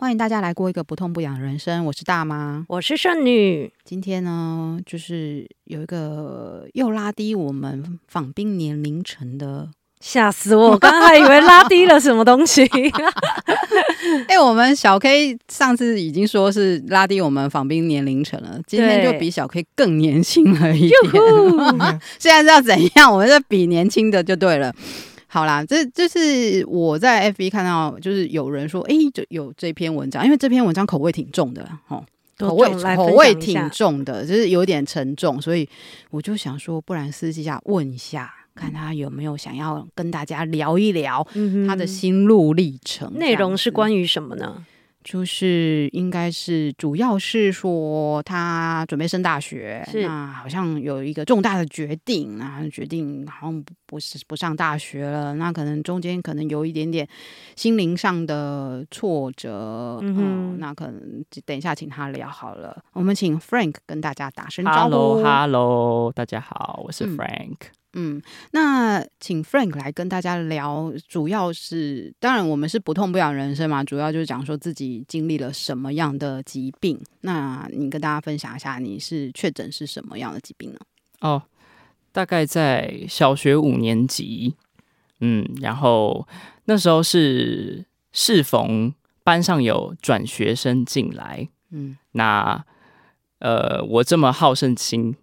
歡迎大家來過一個不痛不癢的人生。我是大媽，我是聖女。今天呢，就是有一個又拉低我們訪賓年齡層的，嚇死我！我剛還以為拉低了什麼東西。哎、 欸，我們小 K 上次已經說是拉低我們訪賓年齡層了，今天就比小 K 更年輕而已。 現在知道怎樣？我們是比年輕的就對了。好啦，這這是我在 F B 看到，就是有人說，哎，就有這篇文章，因為這篇文章口味挺重的，吼，口味口味挺重的，就是有點沉重，所以我就想說，不然私底下問一下，嗯、看他有沒有想要跟大家聊一聊他的心路歷程，嗯哼，內容是關於什麼呢？就是應該是主要是說他準備升大學，是那好像有一個重大的決定啊，決定好像不是不，不上大學了。那可能中間可能有一點點心靈上的挫折，嗯，哼嗯，那可能等一下請他聊好了。嗯、我們請 Frank 跟大家打聲招呼 hello，Hello，大家好，我是 Frank。嗯嗯，那請 Frank 來跟大家聊，主要是當然我們是不痛不癢人生嘛，主要就是講說自己經歷了什麼樣的疾病。那你跟大家分享一下，你是確診是什麼樣的疾病呢？哦，大概在小學五年級，嗯，然後那時候是適逢班上有轉學生進來，嗯，那呃，我這麼好勝心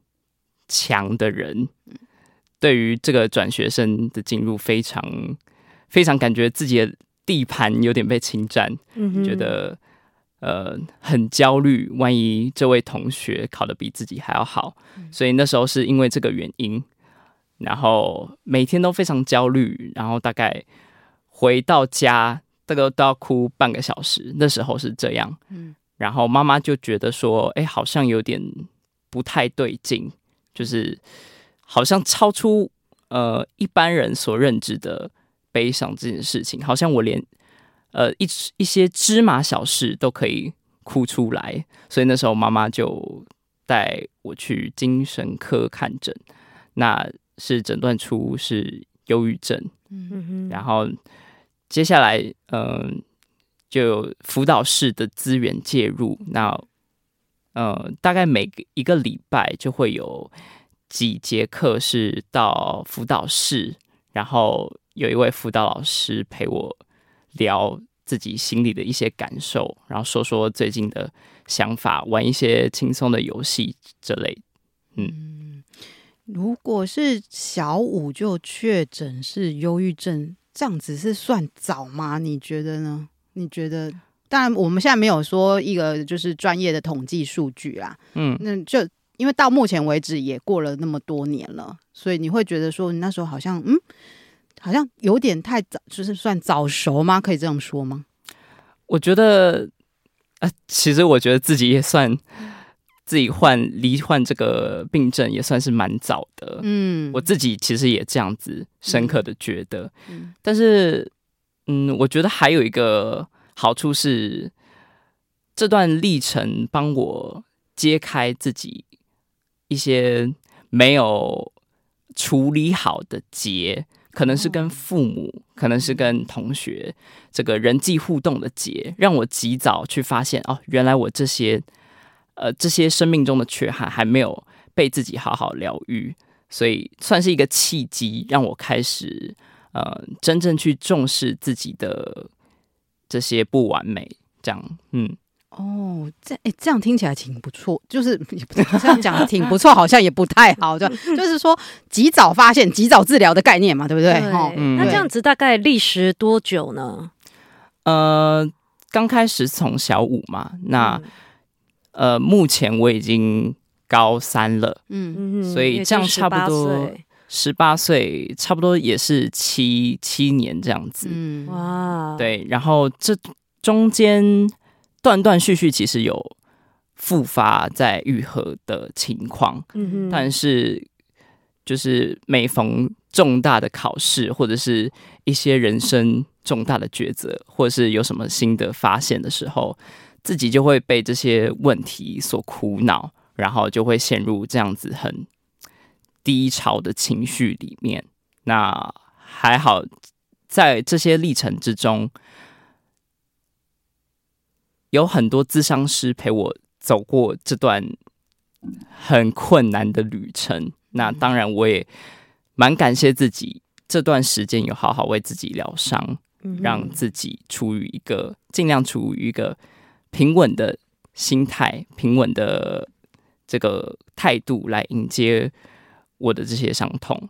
強的人。對於這個轉學生的進入非常非常感覺自己的地盤有點被侵占，嗯、哼覺得呃很焦慮。萬一這位同學考得比自己還要好，嗯、所以那時候是因為這個原因，然後每天都非常焦慮，然後大概回到家，大概都要哭半個小時。那時候是這樣，嗯、然後媽媽就覺得說，哎，好像有點不太對勁，就是。好像超出呃一般人所認知的悲傷這件事情，好像我連呃一一些芝麻小事都可以哭出來，所以那時候媽媽就帶我去精神科看診，那是診斷出是憂鬱症，嗯、哼哼，然後接下來嗯、呃、就有輔導室的資源介入，那呃大概每個一個禮拜就會有。幾節課是到輔導室，然後有一位輔導老師陪我聊自己心裡的一些感受，然後說說最近的想法，玩一些輕鬆的遊戲之類。嗯，如果是小五就確診是憂鬱症，這樣子是算早嗎？你覺得呢？你覺得？當然，我們現在沒有說一個就是專業的統計數據啦。嗯，那就。因為到目前為止也過了那麼多年了，所以你會覺得說你那時候好像嗯，好像有點太早，就是算早熟嗎？可以這樣說嗎？我覺得，啊、呃，其實我覺得自己也算自己患罹患這個病症也算是蠻早的。嗯，我自己其實也這樣子深刻的覺得。嗯嗯、但是嗯，我覺得還有一個好處是，這段歷程幫我揭開自己。一些沒有處理好的結，可能是跟父母，可能是跟同學，這個人際互動的結，讓我及早去發現哦，原來我這些呃，這些生命中的缺憾還沒有被自己好好療癒，所以算是一個契機，讓我開始呃，真正去重視自己的這些不完美，這樣嗯。哦，這哎、欸，這樣聽起來挺不錯，就是這樣講的挺不錯， 好像也不太好，對，就是說及早發現、及早治療的概念嘛，對不對？對。嗯、那這樣子大概歷時多久呢？呃，剛開始從小五嘛，那、嗯、呃，目前我已經高三了，嗯嗯，嗯嗯所以這樣差不多十八歲，歲，差不多也是七七年這樣子，嗯、哇，對，然後這中間。斷斷續續，其實有復發在愈合的情況，嗯哼。但是就是每逢重大的考試，或者是一些人生重大的抉擇，或者是有什麼新的發現的時候，自己就會被這些問題所苦惱，然後就會陷入這樣子很低潮的情緒裡面。那還好，在這些歷程之中。有很多諮商師陪我走過這段很困難的旅程，那當然我也蠻感謝自己這段時間有好好為自己療傷，讓自己處於一個，儘量處於一個平穩的心態、平穩的這個態度來迎接我的這些傷痛。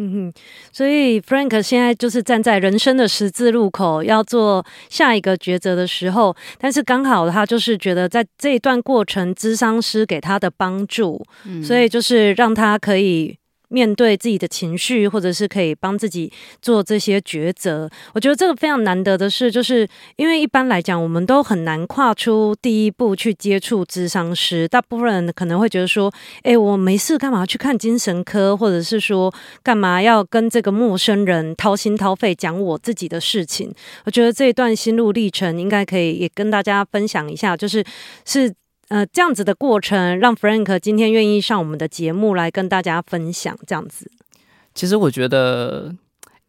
嗯哼，所以 Frank 現在就是站在人生的十字路口，要做下一個抉擇的時候。但是剛好他就是覺得在這一段過程，諮商師給他的幫助，嗯、所以就是讓他可以。面對自己的情緒，或者是可以幫自己做這些抉擇，我覺得這個非常難得的事，就是因為一般來講，我們都很難跨出第一步去接觸諮商師，大部分人可能會覺得說：“哎、欸，我沒事，幹嘛去看精神科？或者是說，幹嘛要跟這個陌生人掏心掏肺講我自己的事情？”我覺得這一段心路歷程應該可以也跟大家分享一下，就是是。呃，這樣子的過程讓 Frank 今天願意上我們的節目來跟大家分享。這樣子，其實我覺得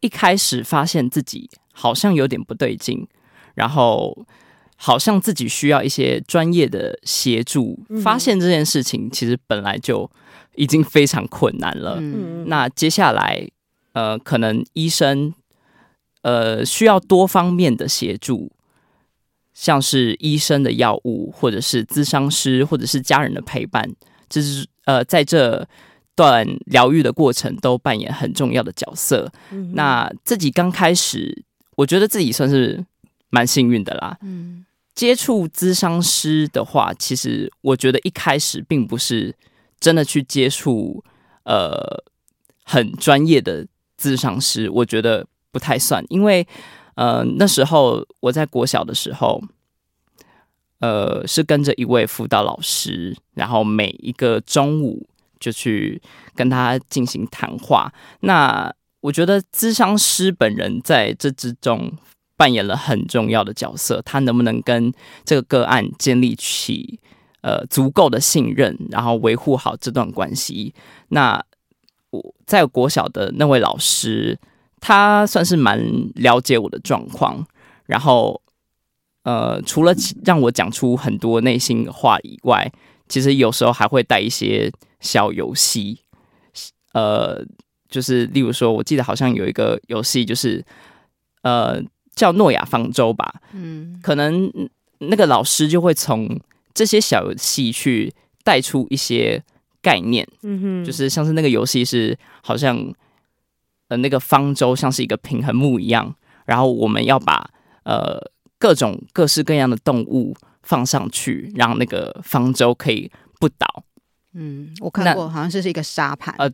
一開始發現自己好像有點不對勁，然後好像自己需要一些專業的協助。嗯哼。發現這件事情其實本來就已經非常困難了。嗯。那接下來，呃，可能醫生呃需要多方面的協助。像是醫生的藥物，或者是諮商師，或者是家人的陪伴，就是呃在這段療癒的過程都扮演很重要的角色。Mm-hmm. 那自己剛開始，我覺得自己算是蠻幸運的啦。嗯，Mm-hmm. 接觸諮商師的話，其實我覺得一開始並不是真的去接觸呃很專業的諮商師，我覺得不太算，因為。呃，那時候我在國小的時候，呃，是跟着一位輔導老師，然後每一個中午就去跟他進行談話。那我覺得，諮商師本人在這之中扮演了很重要的角色。他能不能跟這個個案建立起呃足夠的信任，然後維護好這段關係。那我在國小的那位老師。他算是蠻了解我的狀況，然後，呃，除了讓我講出很多內心的話以外，其實有時候還會帶一些小遊戲，呃，就是例如說，我記得好像有一個遊戲，就是呃，叫諾亞方舟吧，嗯，可能那個老師就會從這些小遊戲去帶出一些概念，嗯哼，就是像是那個遊戲是好像。呃，那個方舟像是一個平衡木一樣，然後我們要把呃各種各式各樣的動物放上去，讓那個方舟可以不倒。嗯，我看過，那好像是一個沙盤。呃，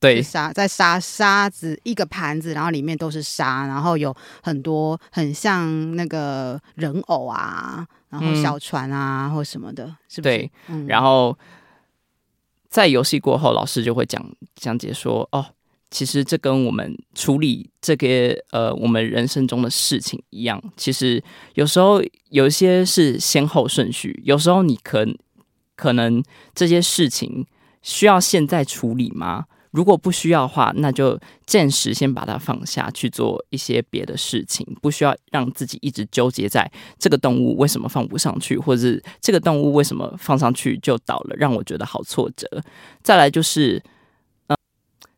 對，沙在沙沙子一個盤子，然後裡面都是沙，然後有很多很像那個人偶啊，然後小船啊，嗯、或什麼的，是不是？對嗯、然後在遊戲過後，老師就會講講解說哦。其實這跟我們處理這個呃我們人生中的事情一樣。其實有時候有一些是先後順序，有時候你可可能這些事情需要現在處理嗎？如果不需要的話，那就暫時先把它放下去，做一些別的事情，不需要讓自己一直糾結在這個動物為什麼放不上去，或者是這個動物為什麼放上去就倒了，讓我覺得好挫折。再來就是。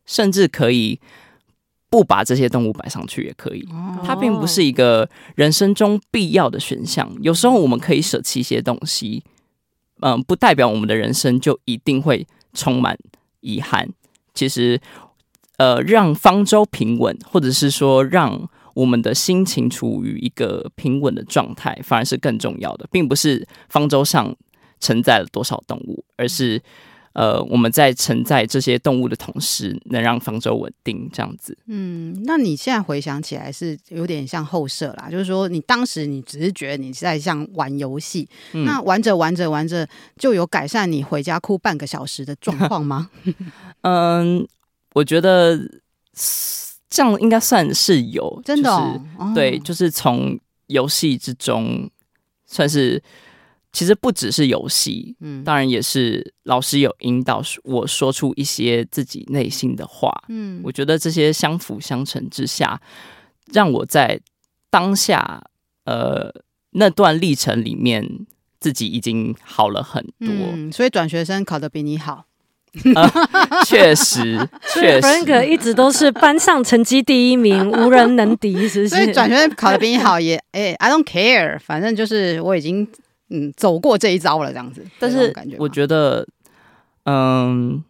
甚至可以不把這些動物擺上去也可以，它並不是一個人生中必要的選項。有時候我們可以捨棄一些東西，嗯、呃，不代表我們的人生就一定會充滿遺憾。其實，呃，讓方舟平穩，或者是說讓我們的心情處於一個平穩的狀態，反而是更重要的，並不是方舟上承載了多少動物，而是。呃，我們在承載這些動物的同時，能讓方舟穩定這樣子。嗯，那你現在回想起來是有點像後設啦，就是說你當時你只是覺得你在像玩遊戲，嗯、那玩着玩着玩着就有改善你回家哭半個小時的狀況嗎？ 嗯，我覺得這樣應該算是有，真的，對，就是從遊戲之中算是。其實不只是遊戲，嗯，當然也是老師有引導我說出一些自己內心的話，嗯，我覺得這些相輔相成之下，讓我在當下呃那段歷程裡面自己已經好了很多。嗯，所以轉學生考得比你好，呃、確實，確 實，所以 Franker 一直都是班上成績第一名， 無人能敵是不是？所以轉學生考得比你好也，哎、欸，I don't care，反正就是我已經。嗯，走過這一遭了這樣子，但是感覺我覺得，嗯，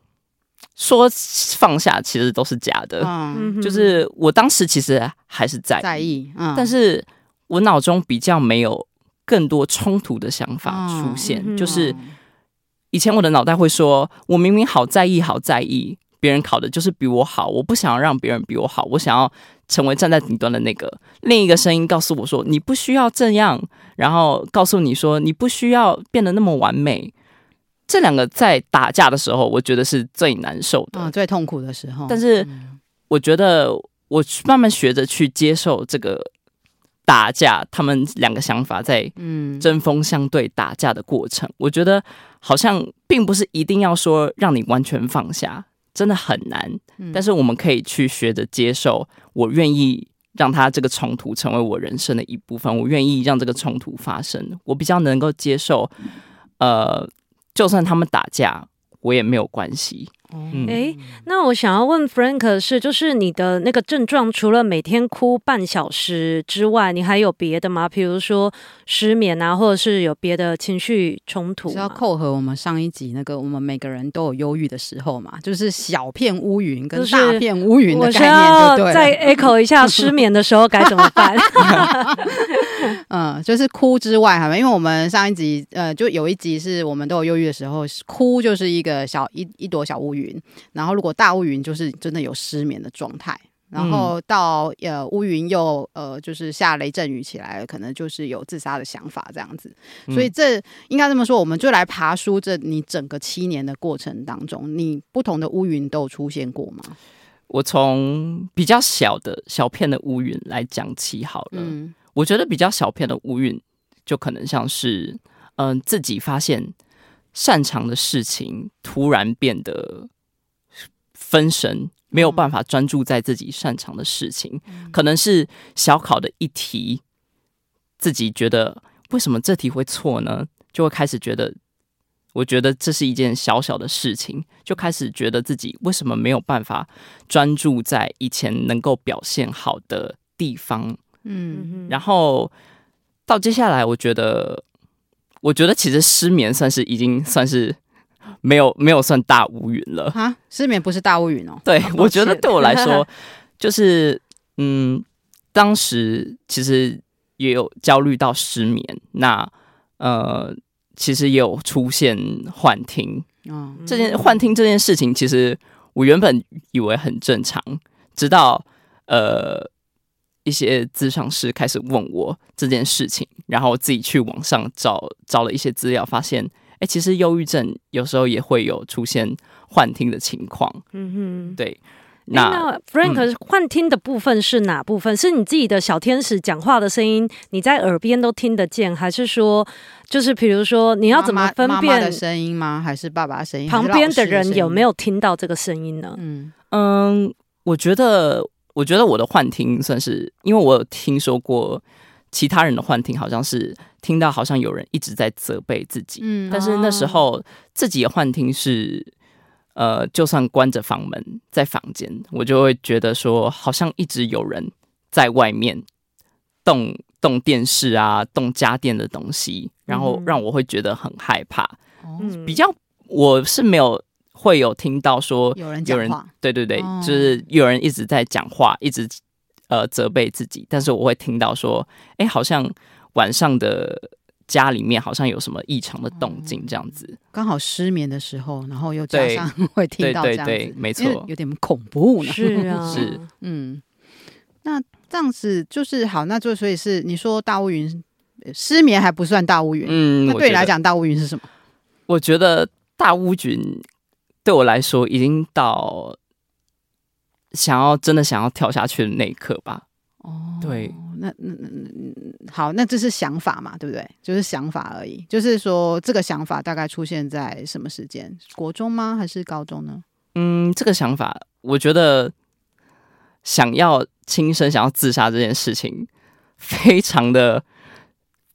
說放下其實都是假的，嗯、就是我當時其實還是在意，在意嗯、但是我腦中比較沒有更多衝突的想法出現，嗯、就是以前我的腦袋會說，嗯、我明明好在意，好在意。別人考的就是比我好，我不想讓別人比我好，我想要成為站在頂端的那個。另一個聲音告訴我說：“你不需要這樣。”然後告訴你說：“你不需要變得那麼完美。”這兩個在打架的時候，我覺得是最難受的，哦、最痛苦的時候。但是我覺得我慢慢學着去接受這個打架，嗯、他們兩個想法在針鋒相對打架的過程，嗯、我覺得好像並不是一定要說讓你完全放下。真的很難，但是我們可以去學着接受。我願意讓他這個衝突成為我人生的一部分，我願意讓這個衝突發生。我比較能夠接受，呃，就算他們打架，我也沒有關係。哎、嗯，那我想要問 Frank 是，就是你的那個症狀，除了每天哭半小時之外，你還有別的嗎？比如說失眠啊，或者是有別的情緒衝突？是要扣合我們上一集那個，我們每個人都有憂鬱的時候嘛，就是小片烏雲跟大片烏雲的時候對。就是、我想要再 echo 一下失眠的時候該怎麼辦？ 嗯，就是哭之外，好嗎？因為我們上一集，呃，就有一集是我們都有憂鬱的時候，哭就是一個小一一朵小烏雲。雲，然後如果大烏雲就是真的有失眠的狀態，然後到、嗯、呃烏雲又呃就是下雷陣雨起來了，可能就是有自殺的想法這樣子。所以這、嗯、應該這麼說，我們就來爬梳這你整個七年的過程當中，你不同的烏雲都有出現過嗎？我從比較小的小片的烏雲來講起好了。嗯，我覺得比較小片的烏雲，就可能像是嗯、呃、自己發現。擅長的事情突然變得分神，沒有辦法專注在自己擅長的事情。嗯、可能是小考的一題，自己覺得為什麼這題會錯呢？就會開始覺得，我覺得這是一件小小的事情，就開始覺得自己為什麼沒有辦法專注在以前能夠表現好的地方。嗯，然後到接下來，我覺得。我覺得其實失眠算是，已經算是沒有沒有算大烏雲了哈，失眠不是大烏雲哦。對，哦、我覺得對我來說歉 就是嗯，當時其實也有焦慮到失眠，那呃，其實也有出現幻聽。哦，嗯、這件幻聽這件事情，其實我原本以為很正常，直到呃。一些諮詢師開始問我這件事情，然後自己去網上找找了一些資料，發現，哎、欸，其實憂鬱症有時候也會有出現幻聽的情況。嗯哼，對。那，你那 Frank，、嗯、幻聽的部分是哪部分？是你自己的小天使講話的聲音，你在耳邊都聽得見，還是說，就是比如說你要怎麼分辨的聲音嗎？還是爸爸聲音？旁邊的人有沒有聽到這個聲音呢？嗯嗯，我覺得。我覺得我的幻聽算是，因為我有聽說過其他人的幻聽，好像是聽到好像有人一直在責備自己。嗯啊、但是那時候自己的幻聽是，呃，就算關着房門在房間，我就會覺得說好像一直有人在外面動動電視啊、動家電的東西，然後讓我會覺得很害怕。嗯、比較我是沒有。會有聽到說有人，有人講話，對對對，哦、就是有人一直在講話，一直呃責備自己。但是我會聽到說，哎，好像晚上的家裡面好像有什麼異常的動靜，這樣子。剛好失眠的時候，然後又加上會聽到這樣子，對對對，沒錯，有點恐怖呢，是啊，是嗯，那這樣子就是好，那就所以是你說大烏雲，失眠還不算大烏雲，嗯，那對你來講大烏雲是什麼？我覺得大烏雲。對我來說，已經到想要真的想要跳下去的那一刻吧。哦、對，那那那，嗯、好，那這是想法嘛，對不對？就是想法而已。就是說，這個想法大概出現在什麼時間？國中嗎？還是高中呢？嗯，這個想法，我覺得想要輕生想要自殺這件事情，非常的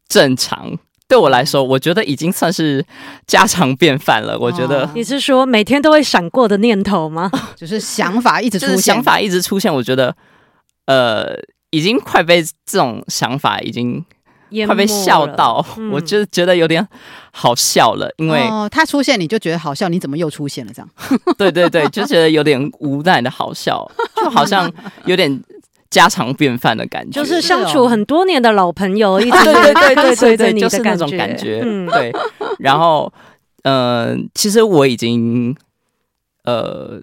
正常。對我來說，我覺得已經算是家常便飯了。我覺得、啊、你是說每天都會閃過的念頭嗎？就是想法一直出現，想法一直出現。我覺得，呃，已經快被這種想法已經快被笑到，嗯、我就覺得有點好笑了。因為哦，呃、他出現，你就覺得好笑，你怎麼又出現了？這樣 對對對，就覺得有點無奈的好笑，就好，好像有點。家常便飯的感覺，就是相處很多年的老朋友，一直 對，對，對，對對對對，對， 就是那種感覺， 嗯，對。然後，呃，其實我已經，呃，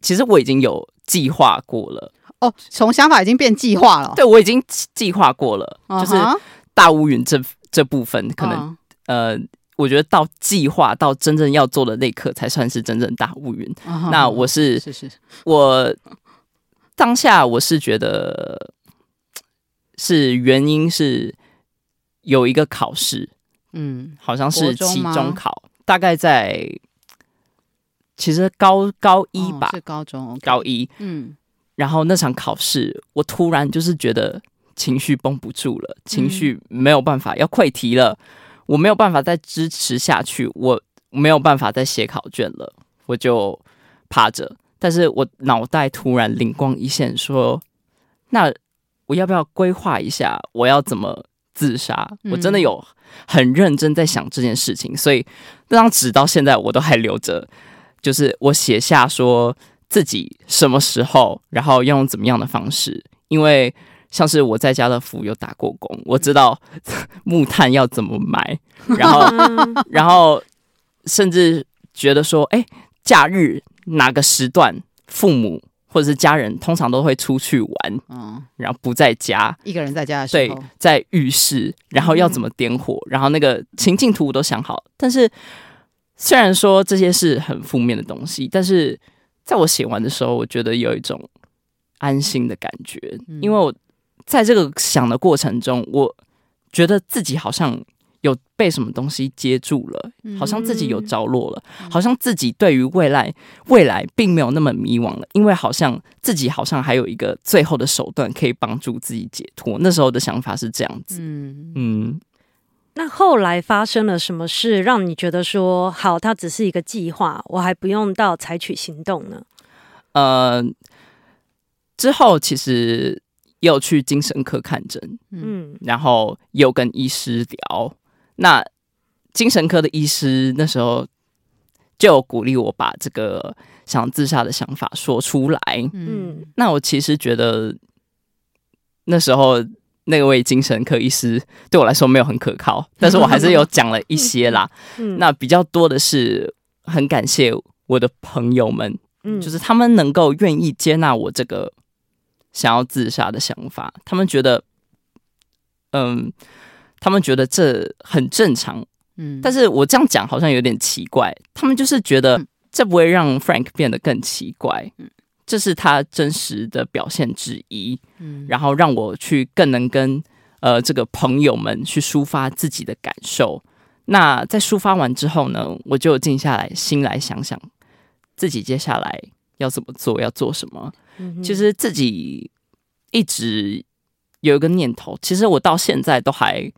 其實我已經有計劃過了。哦，從想法已經變計劃了。對，我已經計劃過了，uh huh. 就是大烏雲這這部分，可能，uh huh. 呃，我覺得到計劃到真正要做的那刻，才算是真正大烏雲。Uh huh. 那我是，是，是我。當下我是覺得是原因，是有一個考試，嗯，好像是期中考，國中嗎？大概在其實高高一吧，哦、是高中、okay、高一，嗯，然後那場考試，我突然就是覺得情緒繃不住了，情緒沒有辦法，嗯、要潰堤了，我沒有辦法再支持下去，我沒有辦法再寫考卷了，我就趴着。但是我腦袋突然靈光一現，說：“那我要不要規劃一下，我要怎麼自殺？嗯、我真的有很認真在想這件事情，所以那張紙到現在我都還留着，就是我寫下說自己什麼時候，然後用怎麼樣的方式，因為像是我在家樂福有打過工，我知道木炭要怎麼買，然後， 然後甚至覺得說，哎、欸。”假日哪個時段，父母或者是家人通常都會出去玩，嗯，然後不在家，一個人在家的時候，對，在浴室，然後要怎麼點火，嗯，然後那個情境圖我都想好。但是雖然說這些是很負面的東西，但是在我寫完的時候，我覺得有一種安心的感覺，嗯，因為我在這個想的過程中，我覺得自己好像。有被什麼東西接住了，好像自己有着落了，嗯，好像自己對於未來未來並沒有那麼迷惘了，因為好像自己好像還有一個最後的手段可以幫助自己解脫。那時候的想法是這樣子，嗯，嗯，那後來發生了什麼事，讓你覺得說好，它只是一個計劃，我還不用到採取行動呢？呃，之後其實又去精神科看診，嗯，然後又跟醫師聊。那精神科的醫師那時候就有鼓勵我把這個想要自殺的想法說出來。嗯，那我其實覺得那時候那位精神科醫師對我來說沒有很可靠，但是我還是有講了一些啦。 那比較多的是很感謝我的朋友們，嗯，就是他們能夠願意接納我這個想要自殺的想法，他們覺得，嗯。他們覺得這很正常，嗯，但是我這樣講好像有點奇怪。嗯、他們就是覺得這不會讓 Frank 變得更奇怪，嗯，這是他真實的表現之一，嗯，然後讓我去更能跟呃這個朋友們去抒發自己的感受。那在抒發完之後呢，我就靜下來，心來想想自己接下來要怎麼做，要做什麼。嗯哼，其實自己一直有一個念頭，其實我到現在都還。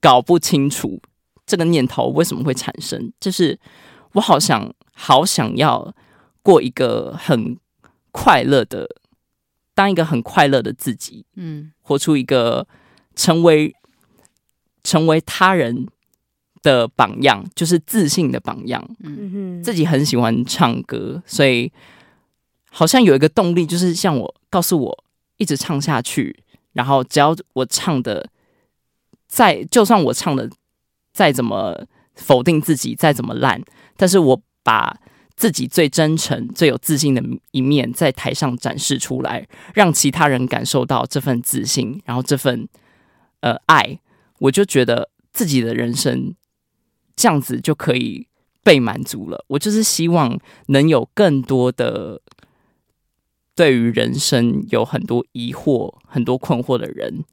搞不清楚這個念頭為什麼會產生，就是我好想好想要過一個很快樂的，當一個很快樂的自己，嗯，活出一個成為成為他人的榜樣，就是自信的榜樣。嗯嗯哼，自己很喜歡唱歌，所以好像有一個動力，就是像我告訴我一直唱下去，然後只要我唱的。在，就算我唱的再怎麼否定自己，再怎麼爛，但是我把自己最真誠、最有自信的一面在台上展示出來，讓其他人感受到這份自信，然後這份呃愛，我就覺得自己的人生這樣子就可以被滿足了。我就是希望能有更多的對於人生有很多疑惑、很多困惑的人。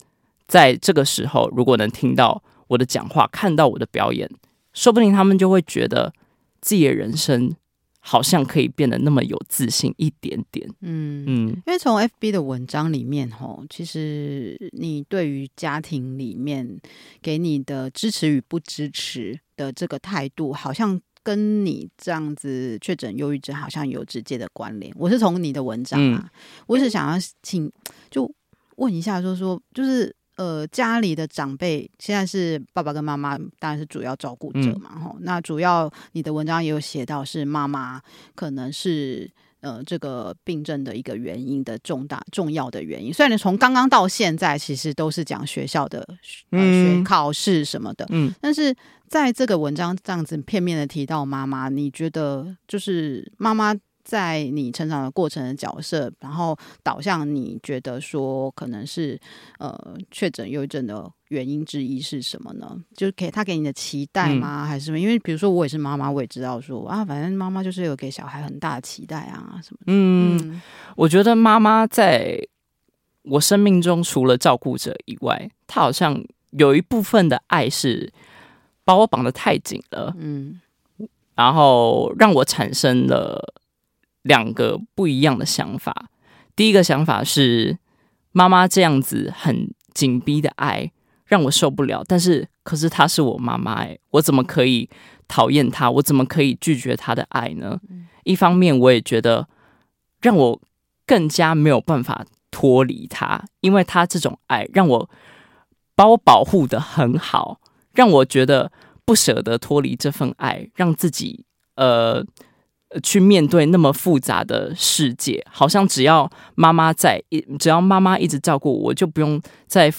在這個時候，如果能聽到我的講話，看到我的表演，說不定他們就會覺得自己的人生好像可以變得那麼有自信一點點。嗯嗯，嗯因為從 FB 的文章裡面，其實你對於家庭裡面給你的支持與不支持的這個態度，好像跟你這樣子確診憂鬱症好像有直接的關聯。我是從你的文章啊，嗯、我是想要請就問一下說，說說就是。呃，家裡的長輩現在是爸爸跟媽媽，當然是主要照顧者嘛。哈、嗯，那主要你的文章也有寫到，是媽媽可能是呃這個病症的一個原因的重大重要的原因。雖然你從剛剛到現在，其實都是講學校的嗯、呃、考試什麼的，嗯，但是在這個文章這樣子片面的提到媽媽，你覺得就是媽媽在你成長的過程的角色，然後導向你覺得說可能是呃確診憂鬱症的原因之一是什麼呢？就是給他給你的期待嗎？嗯、還是什麼？因為比如說我也是媽媽，我也知道說啊，反正媽媽就是有給小孩很大的期待啊什麼。嗯，嗯，我覺得媽媽在我生命中除了照顧者以外，她好像有一部分的愛是把我綁得太緊了。嗯，然後讓我產生了。兩個不一樣的想法。第一個想法是，媽媽這樣子很緊逼的愛讓我受不了。但是，可是她是我媽媽，欸，哎，我怎麼可以討厭她？我怎麼可以拒絕她的愛呢？嗯、一方面，我也覺得讓我更加沒有辦法脫離她，因為她這種愛讓我把我保護得很好，讓我覺得不捨得脫離這份愛，讓自己呃，去面對那麼複雜的世界，好像只要媽媽在一，只要媽媽一直照顧我，我就不用再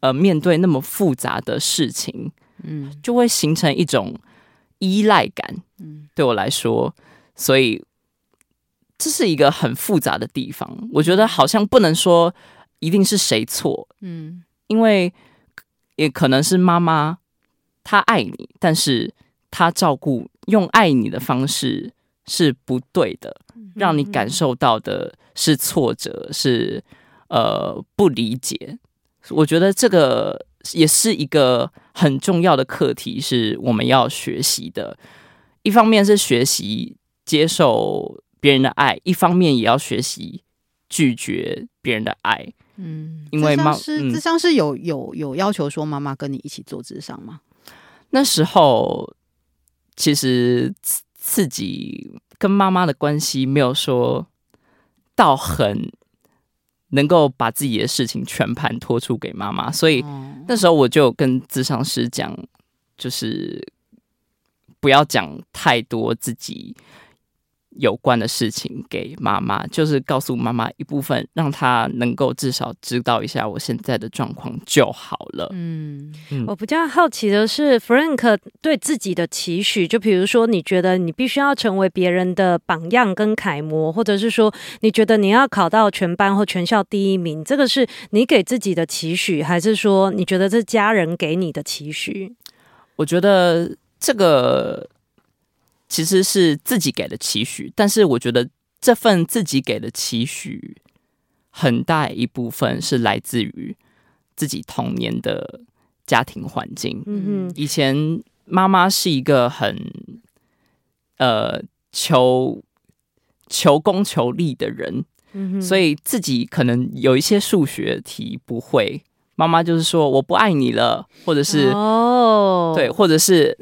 呃面對那麼複雜的事情，嗯，就會形成一種依賴感。對我來說，所以這是一個很複雜的地方。我覺得好像不能說一定是誰錯，嗯，因為也可能是媽媽她愛你，但是她照顧用愛你的方式。是不對的，讓你感受到的是挫折，是呃不理解。我覺得這個也是一個很重要的課題，是我們要學習的。一方面是學習接受別人的愛，一方面也要學習拒絕別人的愛。嗯，因為媽媽，諮商是有有有要求，說媽媽跟你一起做諮商嗎？嗯，那時候其實。自己跟媽媽的關係沒有說到很能夠把自己的事情全盤托出給媽媽，所以那時候我就跟諮商師講，就是不要講太多自己。有關的事情給媽媽，就是告訴媽媽一部分，讓她能夠至少知道一下我現在的狀況就好了。嗯，我比較好奇的是，Frank 對自己的期許，就比如說，你覺得你必須要成為別人的榜樣跟楷模，或者是說，你覺得你要考到全班或全校第一名，這個是你給自己的期許，還是說你覺得這家人給你的期許？我覺得這個。其實是自己給的期許，但是我覺得這份自己給的期許，很大一部分是來自於自己童年的家庭環境。嗯哼，以前媽媽是一個很，呃，求求功求利的人，嗯哼，所以自己可能有一些數學題不會，媽媽就是說我不愛你了，或者是哦，對，或者是。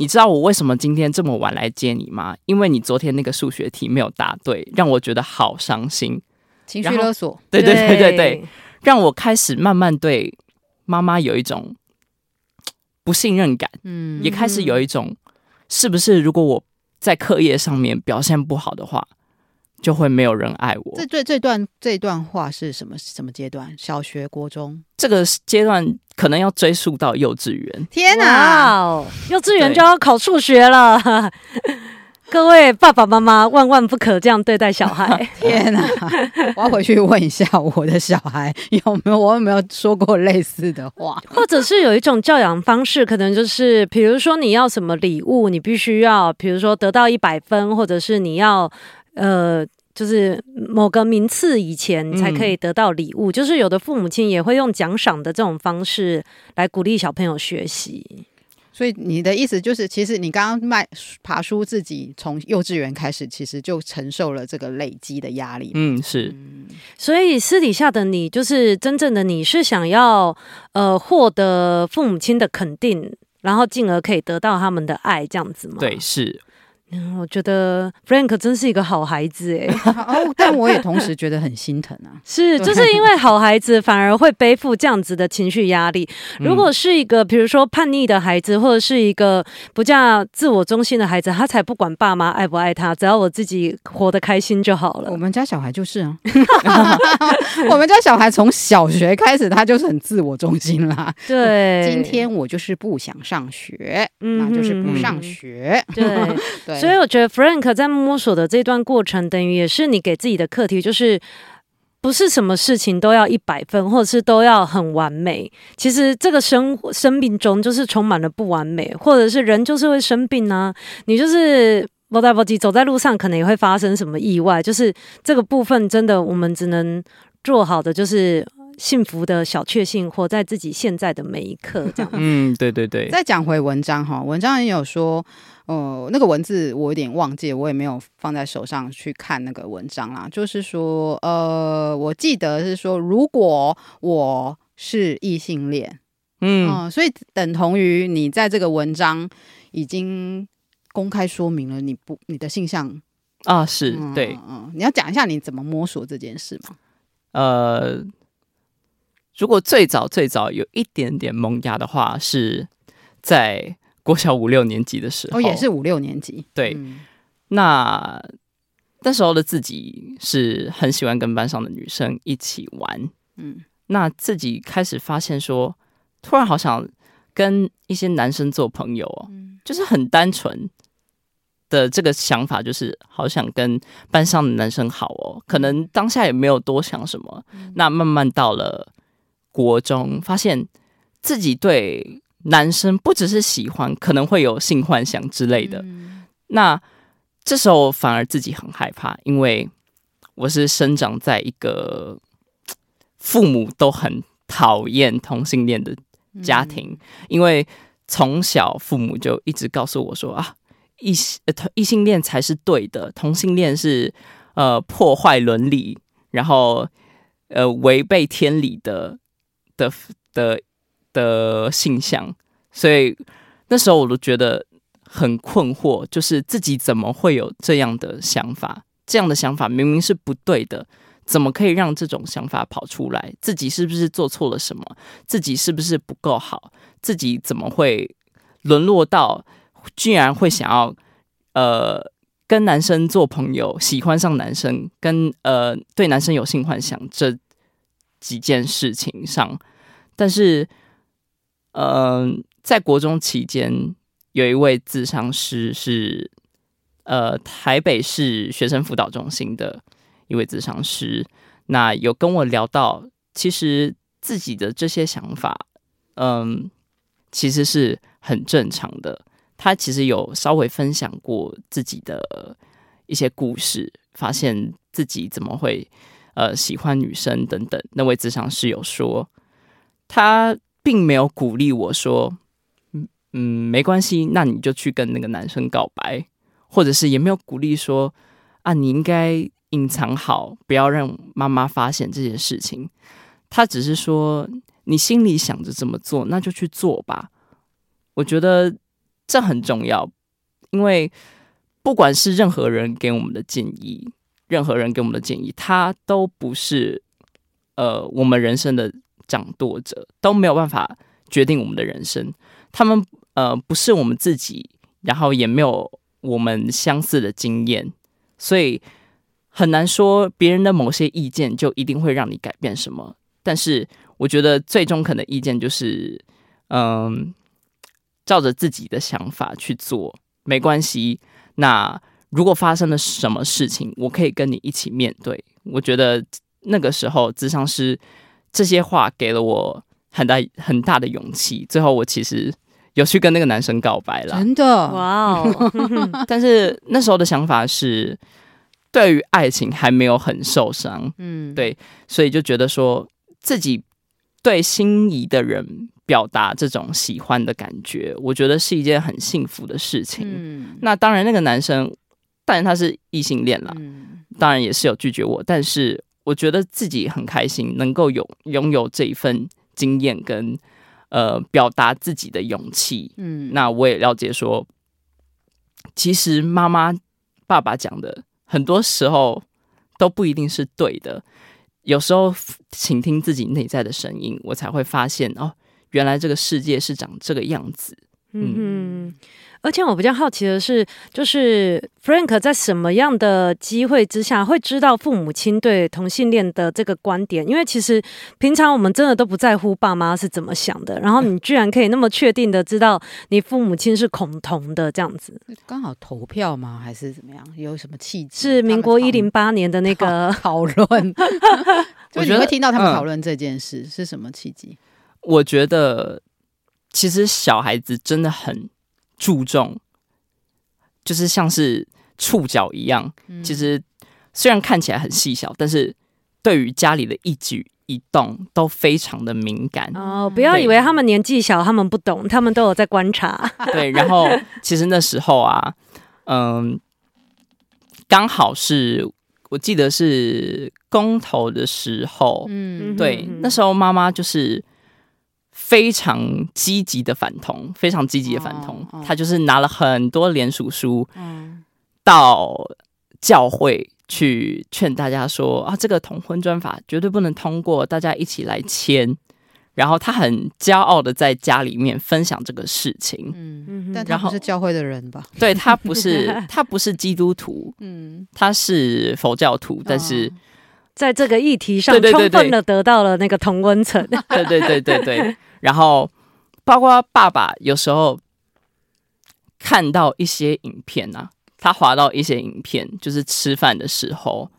你知道我為什麼今天這麼晚來接你嗎？因為你昨天那個數學題沒有答對，讓我覺得好傷心。情緒勒索，對對對對對，對讓我開始慢慢對媽媽有一種不信任感，嗯，也開始有一種是不是如果我在課業上面表現不好的話，就會沒有人愛我。這這這段這段話是什麼什麼階段？小學、國中這個階段。可能要追溯到幼稚園。天哪，幼稚園就要考數學了！對 各位爸爸媽媽，萬萬不可這樣對待小孩。 天哪，我要回去問一下我的小孩有沒有，我有沒有說過類似的話，或者是有一種教養方式，可能就是比如說你要什麼禮物，你必須要，比如說得到一百分，或者是你要呃。就是某個名次以前才可以得到禮物，嗯、就是有的父母親也會用獎賞的這種方式來鼓勵小朋友學習。所以你的意思就是，其實你剛剛賣爬書自己從幼稚園開始，其實就承受了這個累積的壓力。嗯，是嗯。所以私底下的你，就是真正的你是想要呃獲得父母親的肯定，然後進而可以得到他們的愛，這樣子嗎？對，是。嗯、我覺得 Frank 真是一個好孩子哎，欸 哦，但我也同時覺得很心疼啊。 是,就是因為好孩子反而會背負這樣子的情緒壓力。嗯、如果是一個比如說叛逆的孩子，或者是一個不叫自我中心的孩子，他才不管爸媽愛不愛他，只要我自己活得開心就好了。我們家小孩就是啊， 我們家小孩從小學開始他就是很自我中心啦。對，今天我就是不想上學，那就是不上學。對、嗯嗯、對。 對所以我覺得 Frank 在摸索的這段過程，等於也是你給自己的課題，就是不是什麼事情都要一百分，或者是都要很完美。其實這個生生命中就是充滿了不完美，或者是人就是會生病啊，你就是不在不及走在路上可能也會發生什麼意外。就是這個部分，真的我們只能做好的就是。幸福的小確幸，活在自己現在的每一刻，這樣。嗯，對對對。再講回文章哈，文章也有說，呃，那個文字我有點忘記，我也沒有放在手上去看那個文章啦。就是說，呃，我記得是說，如果我是異性戀，嗯、呃，所以等同於你在這個文章已經公開說明了你不你的性向啊，是、呃、對，嗯、呃，你要講一下你怎麼摸索這件事嗎？呃。如果最早最早有一點點萌芽的話，是在國小五六年級的時候，哦、也是五六年級。對，嗯、那那時候的自己是很喜歡跟班上的女生一起玩，嗯，那自己開始發現說，突然好想跟一些男生做朋友哦，嗯、就是很單純的這個想法，就是好想跟班上的男生好哦。可能當下也沒有多想什麼，嗯、那慢慢到了。國中發現自己對男生不只是喜歡，可能會有性幻想之類的。那這時候反而自己很害怕，因為我是生長在一個父母都很討厭同性戀的家庭，嗯、因為從小父母就一直告訴我說啊，異性呃同異性戀才是對的，同性戀是呃破壞倫理，然後呃違背天理的。的的的性向，所以那時候我都覺得很困惑，就是自己怎麼會有這樣的想法？這樣的想法明明是不對的，怎麼可以讓這種想法跑出來？自己是不是做錯了什麼？自己是不是不夠好？自己怎麼會淪落到居然會想要呃跟男生做朋友，喜歡上男生，跟呃對男生有性幻想這幾件事情上？但是，嗯、呃、在國中期間，有一位諮商師是，呃，台北市學生輔導中心的一位諮商師。那有跟我聊到，其實自己的這些想法，嗯、呃，其實是很正常的。他其實有稍微分享過自己的一些故事，發現自己怎麼會呃喜歡女生等等。那位諮商師有說。他並沒有鼓勵我說：“嗯，沒關係，那你就去跟那個男生告白。”或者是也沒有鼓勵說：“啊，你應該隱藏好，不要讓媽媽發現這件事情。”他只是說：“你心裡想着怎麼做，那就去做吧。”我覺得這很重要，因為不管是任何人給我們的建議，任何人給我們的建議，他都不是呃我們人生的。掌舵者都沒有辦法決定我們的人生，他們呃不是我們自己，然後也沒有我們相似的經驗，所以很難說別人的某些意見就一定會讓你改變什麼。但是我覺得最中肯的意見就是，嗯、呃，照着自己的想法去做沒關係。那如果發生了什麼事情，我可以跟你一起面對。我覺得那個時候，諮商師。這些話給了我很大很大的勇氣，最後我其實有去跟那個男生告白了。真的，哇哦！但是那時候的想法是，對於愛情還沒有很受傷，嗯，對，所以就覺得說自己對心儀的人表達這種喜歡的感覺，我覺得是一件很幸福的事情。嗯，那當然，那個男生當然他是異性戀了，嗯，當然也是有拒絕我，但是。我覺得自己很開心，能夠有擁有這一份經驗跟呃表達自己的勇氣。嗯，那我也了解說，其實媽媽、爸爸講的很多時候都不一定是對的。有時候傾聽自己內在的聲音，我才會發現哦，原來這個世界是長這個樣子。嗯。嗯而且我比較好奇的是，就是 Frank 在什麼樣的機會之下會知道父母親對同性戀的這個觀點？因為其實平常我們真的都不在乎爸媽是怎麼想的。然後你居然可以那麼確定的知道你父母親是恐同的這樣子，嗯、剛好投票嗎？還是怎麼樣？有什麼契機？是民國一零八年的那個討論，討論 我覺得會聽到他們討論這件事、嗯、是什麼契機？我覺得其實小孩子真的很。注重，就是像是觸角一樣，其實雖然看起來很細小，但是對於家裡的一舉一動都非常的敏感。哦，不要以為他們年紀小，他們不懂，對他們都有在觀察。對，然後其實那時候啊，嗯，剛好是我記得是公投的時候，嗯，對，嗯、那時候媽媽就是。非常積極的反同，非常積極的反同。哦哦、他就是拿了很多聯署書，到教會去勸大家說：“嗯、啊，這個同婚專法絕對不能通過，大家一起來簽。嗯”然後他很驕傲的在家裡面分享這個事情。嗯，嗯但他不是教會的人吧？對，他不是，他不是基督徒。嗯，他是佛教徒？嗯、但是在這個議題上，對充分的得到了那個同溫層。 對，對，對，對對對對對。然後，包括爸爸有時候看到一些影片啊，他滑到一些影片，就是吃飯的時候，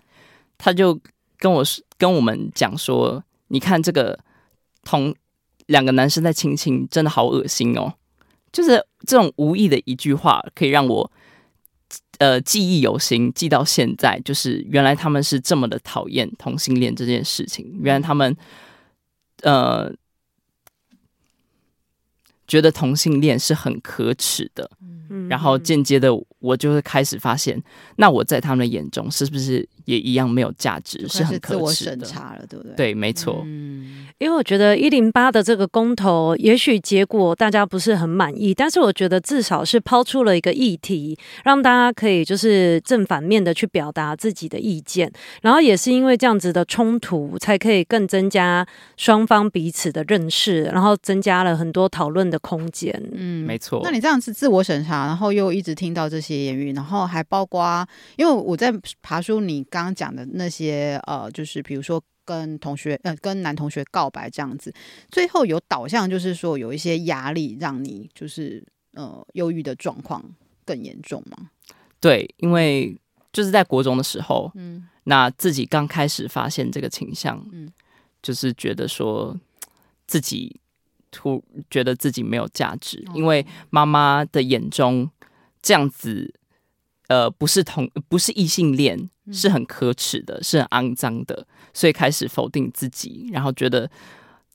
他就跟我說，跟我們講說，你看這個同兩個男生在親親，真的好惡心哦。就是這種無意的一句話，可以讓我呃記憶猶新，記到現在。就是原來他們是這麼的討厭同性戀這件事情，原來他們呃。我覺得同性戀是很可恥的，然後間接的，我就會開始發現，那我在他們眼中是不是？也一樣沒有價值，是很自我審查了，對不對？對、嗯，沒錯。嗯，因為我覺得一零八的這個公投，也許結果大家不是很滿意，但是我覺得至少是拋出了一個議題，讓大家可以就是正反面的去表達自己的意見。然後也是因為這樣子的衝突，才可以更增加雙方彼此的認識，然後增加了很多討論的空間。嗯，沒錯。那你這樣子自我審查，然後又一直聽到這些言語，然後還包括，因為我在爬書你剛。剛剛講的那些呃，就是比如說跟同學呃，跟男同學告白這樣子，最後有導向就是說，有一些壓力，讓你就是呃憂鬱的狀況更嚴重嗎？對，因為就是在國中的時候，嗯，那自己剛開始發現這個傾向，嗯，就是覺得說自己突覺得自己沒有價值，哦、因為媽媽的眼中這樣子。呃，不是同，不是異性戀，是很可恥的，是很骯髒的，所以開始否定自己，然後覺得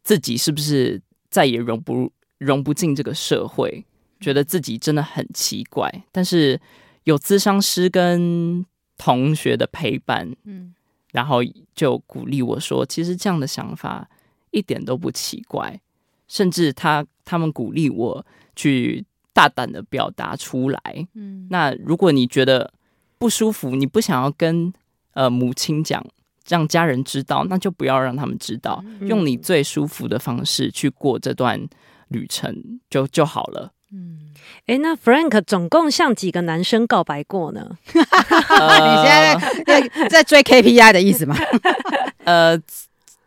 自己是不是再也容不容不進這個社會，覺得自己真的很奇怪。但是有諮商師跟同學的陪伴，嗯，然後就鼓勵我說，其實這樣的想法一點都不奇怪，甚至他他們鼓勵我去。大膽的表達出來。嗯，那如果你覺得不舒服，你不想要跟呃母親講，讓家人知道，那就不要讓他們知道，嗯嗯用你最舒服的方式去過這段旅程就就好了。嗯，哎、欸，那 Frank 總共向幾個男生告白過呢？ 呃、你現在 你在追 KPI 的意思嗎？ 呃，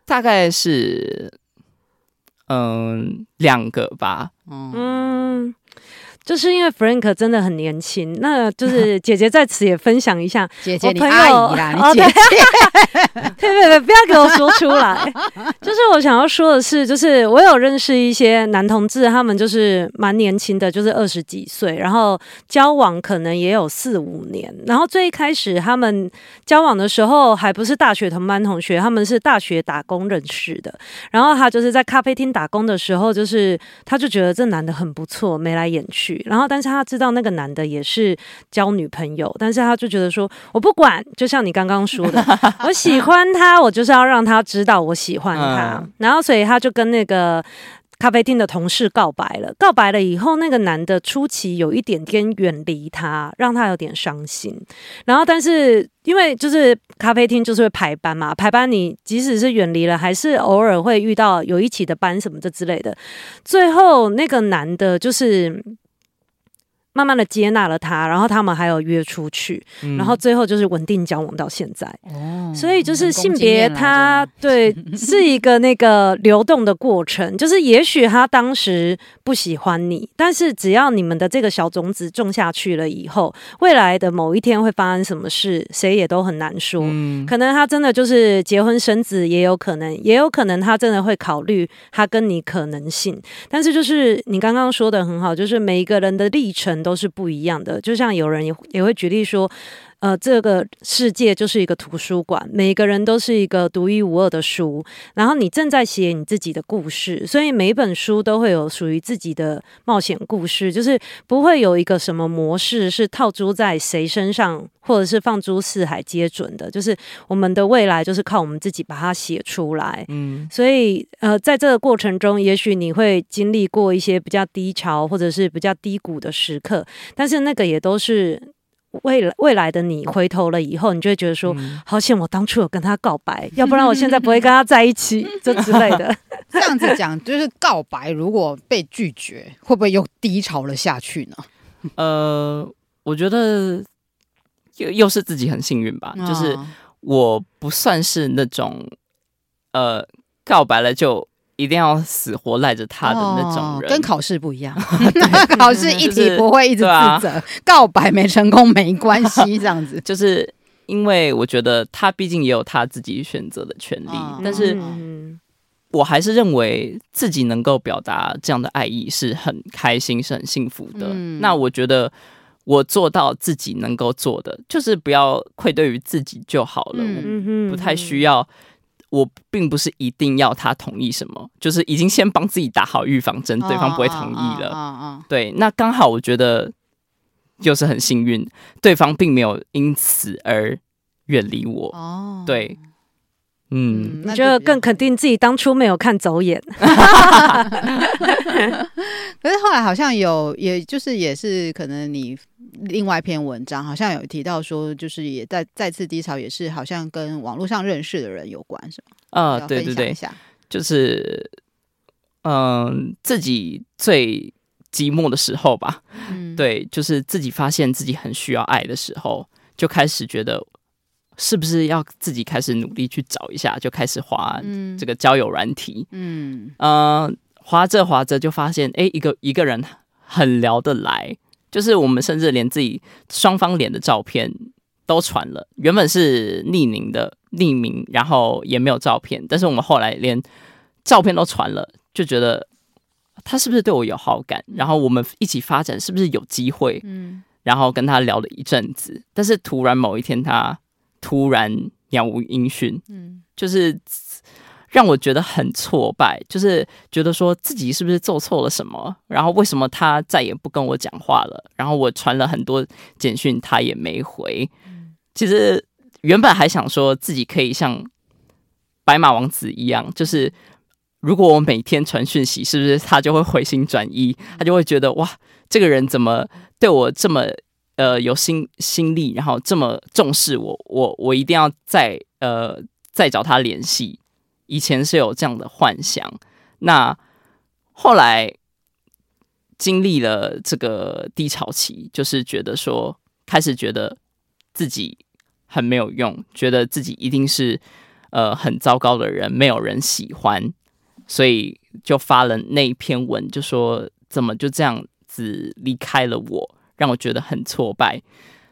大概是嗯呃、兩個吧。嗯。嗯就是因為 Frank 真的很年輕，那就是姐姐在此也分享一下， 姐姐我朋友你阿姨啦，啊、你姐姐別別別，不要給我說出來。 就是我想要說的是，就是我有認識一些男同志，他們就是蠻年輕的，就是二十幾歲，然後交往可能也有四五年。然後最一開始他們交往的時候還不是大學同班同學，他們是大學打工認識的。然後他就是在咖啡廳打工的時候，就是他就覺得這男的很不錯，眉來眼去。然後，但是他知道那個男的也是交女朋友，但是他就覺得說我不管，就像你剛剛說的， 我喜歡他，我就是要讓他知道我喜歡他。嗯、然後，所以他就跟那個咖啡廳的同事告白了。告白了以後，那個男的初期有一點點遠離他，讓他有點傷心。然後，但是因為就是咖啡廳就是會排班嘛，排班你即使是遠離了，還是偶爾會遇到有一起的班什麼這之類的。最後，那個男的就是。慢慢的接納了他，然後他們還有約出去，嗯、然後最後就是穩定交往到現在。哦，所以就是性別他，他、嗯、對 是一個那個流動的過程，就是也許他當時不喜歡你，但是只要你們的這個小種子種下去了以後，未來的某一天會發生什麼事，誰也都很難說。嗯，可能他真的就是結婚生子也有可能，也有可能他真的會考慮他跟你可能性。但是就是你剛剛說的很好，就是每一個人的歷程，都是不一樣的，就像有人也也會舉例說。呃，這個世界就是一個圖書館，每個人都是一個獨一無二的書，然後你正在寫你自己的故事，所以每本書都會有屬於自己的冒險故事，就是不會有一個什麼模式是套諸在誰身上，或者是放諸四海皆準的，就是我們的未來就是靠我們自己把它寫出來。嗯，所以呃，在這個過程中，也許你會經歷過一些比較低潮，或者是比較低谷的時刻，但是那個也都是。未來未來的你回頭了以後，你就會覺得說：嗯、好險，我當初有跟他告白，嗯、要不然我現在不會跟他在一起，這 之類的。這樣子講，就是告白如果被拒絕， 會不會又低潮了下去呢？呃，我覺得又又是自己很幸運吧，嗯、就是我不算是那種，呃，告白了就。一定要死活賴着他的那種人，哦、跟考試不一樣。 考試一題不會一直自責， 就是啊、告白沒成功沒關係，這樣子、哦。就是因為我覺得他畢竟也有他自己選擇的權利，哦、但是我還是認為自己能夠表達這樣的愛意是很開心、是很幸福的。嗯、那我覺得我做到自己能夠做的，就是不要愧對於自己就好了。嗯、不太需要。我並不是一定要他同意什麼，就是已經先幫自己打好預防針，對方不會同意了。對，那剛好我覺得就是很幸運，對方並沒有因此而遠離我。Uh. 對。嗯，那就更肯定自己當初沒有看走眼，嗯。 可是後來好像有，也就是也是可能你另外一篇文章好像有提到說，就是也再再次低潮也是好像跟網絡上認識的人有關，是嗎？呃，一下對對對，就是嗯，呃，自己最寂寞的時候吧。嗯，對，就是自己發現自己很需要愛的時候，就開始覺得。是不是要自己開始努力去找一下，就開始滑這個交友軟體，嗯，嗯，嗯，呃，滑着滑着就發現，哎，欸，一個一個人很聊得來，就是我們甚至連自己雙方臉的照片都傳了。原本是匿名的，匿名，然後也沒有照片，但是我們後來連照片都傳了，就覺得他是不是對我有好感？然後我們一起發展，是不是有機會？嗯，然後跟他聊了一陣子，但是突然某一天他。突然杳無音訊，嗯，就是讓我覺得很挫敗，就是覺得說自己是不是做錯了什麼，然後為什麼他再也不跟我講話了？然後我傳了很多簡訊，他也沒回。其實原本還想說自己可以像白馬王子一樣，就是如果我每天傳訊息，是不是他就會回心轉意？他就會覺得哇，這個人怎麼對我這麼？呃，有心心力，然後這麼重視我，我我一定要再呃再找他聯繫。以前是有這樣的幻想，那後來經歷了這個低潮期，就是覺得說，開始覺得自己很沒有用，覺得自己一定是呃很糟糕的人，沒有人喜歡，所以就發了那一篇文，就說怎麼就這樣子離開了我。讓我覺得很挫敗，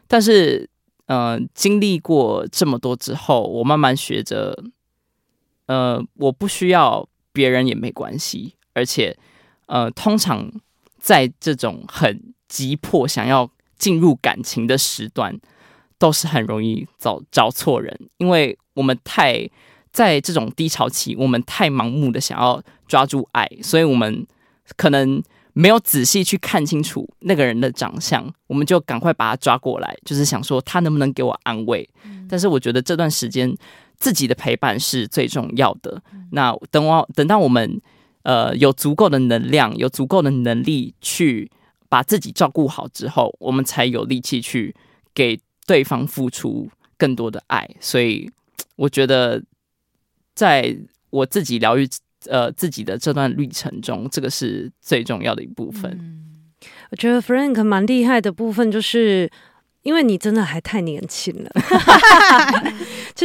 但是，嗯、呃，經歷過這麼多之後，我慢慢學着，呃，我不需要別人也沒關係，而且，呃，通常在這種很急迫想要進入感情的時段，都是很容易找找錯人，因為我們太在這種低潮期，我們太盲目的想要抓住愛，所以我們可能。沒有仔細去看清楚那個人的長相，我們就趕快把他抓過來，就是想說他能不能給我安慰。但是我覺得這段時間自己的陪伴是最重要的。那等我等到我們呃有足夠的能量、有足夠的能力去把自己照顧好之後，我們才有力氣去給對方付出更多的愛。所以我覺得，在我自己療癒。呃，自己的這段旅程中，這個是最重要的一部分。我覺得 Frank 蠻厲害的部分，就是因為你真的還太年輕了。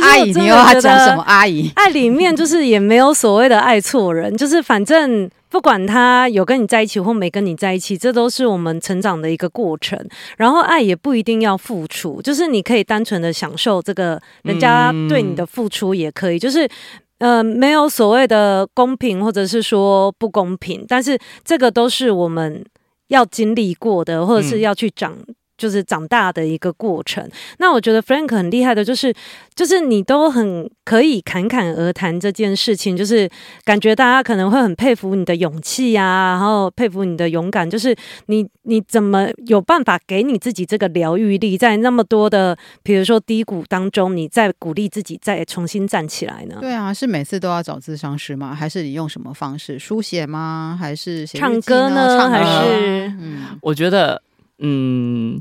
阿姨，你要講什麼？阿姨愛裡面就是也沒有所謂的愛錯人，就是反正不管他有跟你在一起或沒跟你在一起，這都是我們成長的一個過程。然後愛也不一定要付出，就是你可以單純的享受這個人家對你的付出也可以，就是。呃，沒有所謂的公平，或者是說不公平，但是這個都是我們要經歷過的，或者是要去長。嗯就是長大的一個過程。那我覺得 Frank 很厲害的，就是就是你都很可以侃侃而談這件事情，就是感覺大家可能會很佩服你的勇氣呀、啊，然後佩服你的勇敢。就是你你怎麼有辦法給你自己這個療癒力，在那麼多的比如說低谷當中，你再鼓勵自己再重新站起來呢？對啊，是每次都要找諮商師嗎？還是你用什麼方式？書寫嗎？還是唱歌呢？歌還是嗯，我覺得嗯。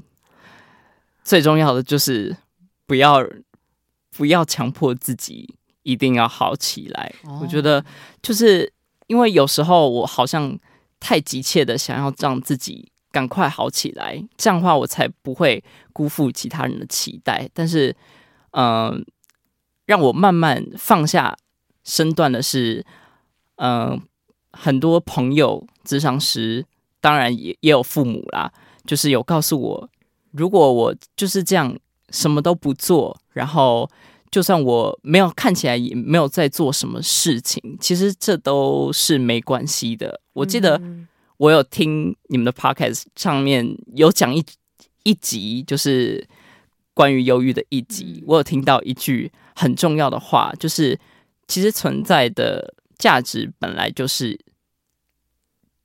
最重要的就是不要不要強迫自己一定要好起來。Oh. 我覺得就是因為有時候我好像太急切的想要讓自己趕快好起來，這樣的話我才不會辜負其他人的期待。但是，嗯、呃，讓我慢慢放下身段的是，嗯、呃，很多朋友、諮商師，當然也也有父母啦，就是有告訴我。如果我就是這樣什麼都不做，然後就算我沒有看起來也沒有在做什麼事情，其實這都是沒關係的。我記得我有聽你們的 podcast 上面有講一一集，就是關於憂鬱的一集，我有聽到一句很重要的話，就是其實存在的價值本來就是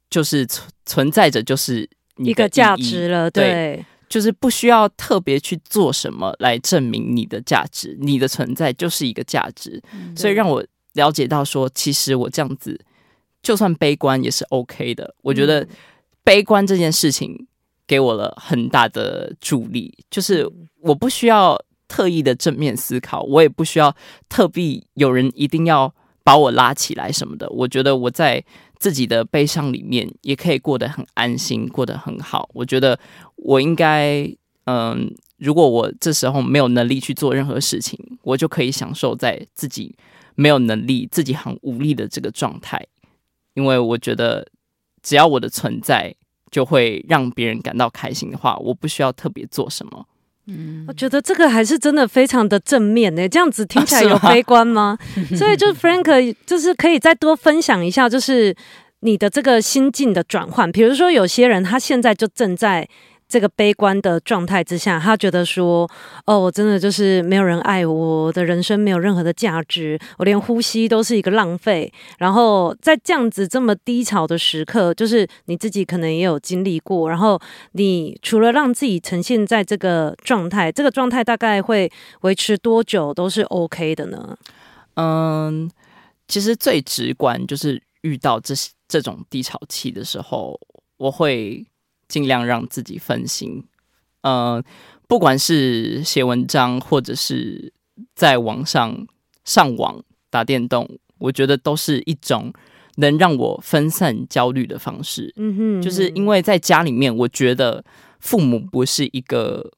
就是存存在着，就是你一個價值了，對。就是不需要特別去做什麼來證明你的價值，你的存在就是一個價值。嗯、所以讓我了解到說，說其實我這樣子就算悲觀也是 OK 的。我覺得悲觀這件事情給我了很大的助力，嗯、就是我不需要特意的正面思考，我也不需要特別有人一定要把我拉起來什麼的。我覺得我在。自己的悲傷裡面也可以過得很安心，過得很好。我覺得我應該，嗯，如果我這時候沒有能力去做任何事情，我就可以享受在自己沒有能力、自己很無力的這個狀態，因為我覺得只要我的存在就會讓別人感到開心的話，我不需要特別做什麼。我覺得這個還是真的非常的正面耶，這樣子聽起來有悲觀嗎？啊、 所以就是 Frank 就是可以再多分享一下，就是你的這個心境的轉換，比如說有些人他現在就正在。這個悲觀的狀態之下，他覺得說：“哦，我真的就是沒有人愛我，我的人生沒有任何的價值，我連呼吸都是一個浪費。”然後在這樣子這麼低潮的時刻，就是你自己可能也有經歷過。然後你除了讓自己沉浸在這個狀態，這個狀態大概會維持多久都是 OK 的呢？嗯，其實最直觀就是遇到這這種低潮期的時候，我會。儘量讓自己分心，呃，不管是寫文章，或者是在網上上網打電動，我覺得都是一種能讓我分散焦慮的方式。嗯哼，嗯哼，就是因為在家裡面，我覺得父母不是一個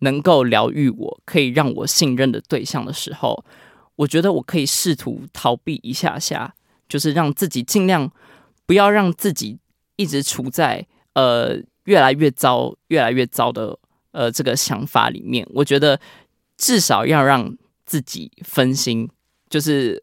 能夠療癒我、可以讓我信任的對象的時候，我覺得我可以試圖逃避一下下，就是讓自己儘量不要讓自己一直處在呃。越來越糟，越來越糟的，呃，這個想法裡面，我覺得至少要讓自己分心，就是，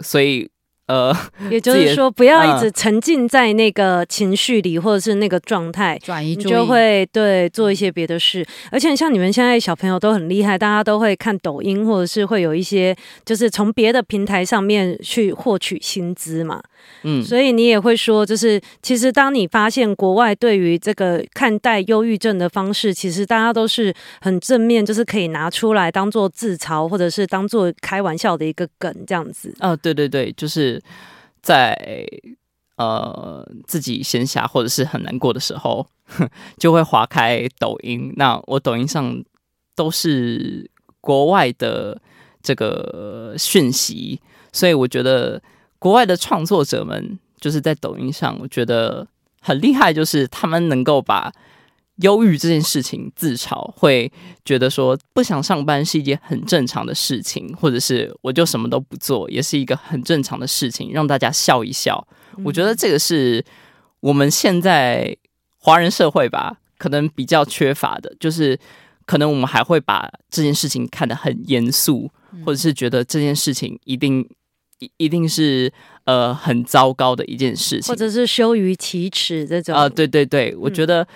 所以，呃，也就是說，不要一直沉浸在那個情緒裡，或者是那個狀態，轉移、嗯、就會對做一些別的事。嗯、而且，像你們現在小朋友都很厲害，大家都會看抖音，或者是會有一些，就是從別的平台上面去獲取新知嘛。嗯，所以你也會說，就是其實當你發現國外對於這個看待憂鬱症的方式，其實大家都是很正面，就是可以拿出來當做自嘲，或者是當做開玩笑的一個梗，這樣子。啊、呃，對對對，就是在呃自己閒暇或者是很難過的時候，哼，就會滑開抖音。那我抖音上都是國外的這個訊息，所以我覺得。國外的創作者們就是在抖音上，我覺得很厲害，就是他們能夠把憂鬱這件事情自嘲，會覺得說不想上班是一件很正常的事情，或者是我就什麼都不做也是一個很正常的事情，讓大家笑一笑。嗯。我覺得這個是我們現在華人社會吧，可能比較缺乏的，就是可能我們還會把這件事情看得很嚴肅，或者是覺得這件事情一定。一一定是呃很糟糕的一件事情，或者是羞於啟齒這種啊、呃，對對對，我覺得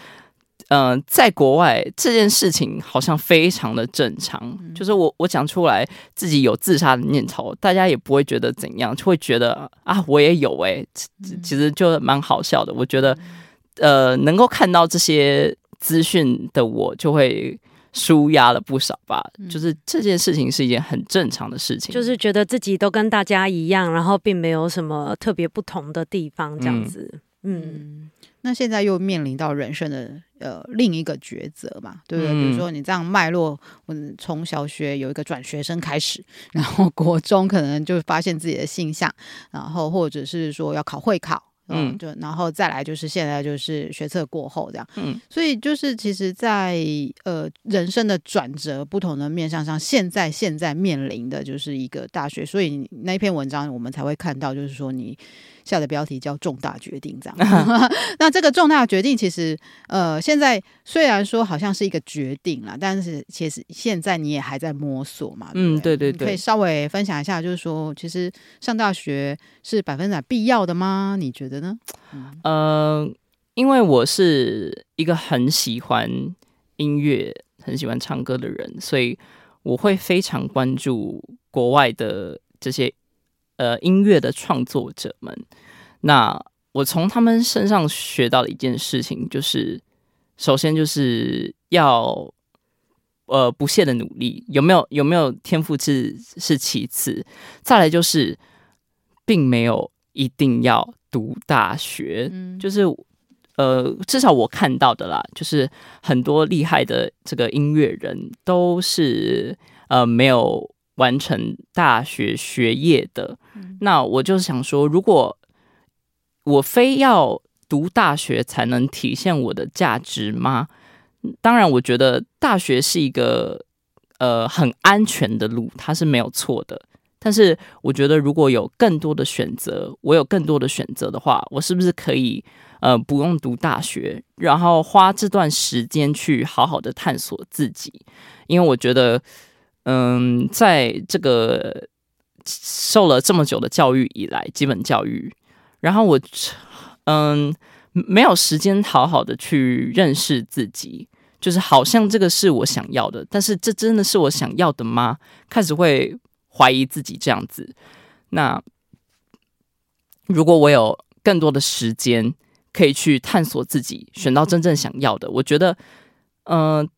嗯、呃，在國外這件事情好像非常的正常，就是我我講出來自己有自殺的念頭，大家也不會覺得怎樣，就會覺得啊我也有欸、其其實就蠻好笑的。我覺得呃能夠看到這些資訊的我就會。紓壓了不少吧，嗯、就是這件事情是一件很正常的事情，就是覺得自己都跟大家一樣，然後並沒有什麼特別不同的地方，這樣子。嗯，嗯，那現在又面臨到人生的呃另一個抉擇嘛，對不對？嗯、比如說你這樣脈絡，從小學有一個轉學生開始，然後國中可能就發現自己的性向，然後或者是說要考會考。嗯，就然後再來就是現在就是學測過後這樣，嗯，所以就是其實在，在呃人生的轉折不同的面向上，現在現在面臨的就是一個大學，所以那篇文章我們才會看到，就是說你。下的標題叫“重大決定”這樣， 那這個重大決定其實，呃，現在雖然說好像是一個決定了，但是其實現在你也還在摸索嘛。對不對？嗯，對對對，可以稍微分享一下，就是說，其實上大學是百分百必要的嗎？你覺得呢？嗯，呃，因為我是一個很喜歡音樂、很喜歡唱歌的人，所以我會非常關注國外的這些。呃，音樂的創作者們，那我從他們身上學到了一件事情，就是首先就是要呃不懈的努力，有沒有有沒有天賦是是其次，再來就是並沒有一定要讀大學，嗯，就是呃至少我看到的啦，就是很多厲害的這個音樂人都是呃沒有完成大學學業的。那我就是想說，如果我非要讀大學才能體現我的價值嗎？當然，我覺得大學是一個呃很安全的路，它是沒有錯的。但是，我覺得如果有更多的選擇，我有更多的選擇的話，我是不是可以呃不用讀大學，然後花這段時間去好好的探索自己？因為我覺得，嗯、呃，在這個。受了這麼久的教育以來，基本教育，然後我嗯沒有時間好好的去認識自己，就是好像這個是我想要的，但是這真的是我想要的嗎？開始會懷疑自己這樣子。那如果我有更多的時間可以去探索自己，選到真正想要的，我覺得嗯。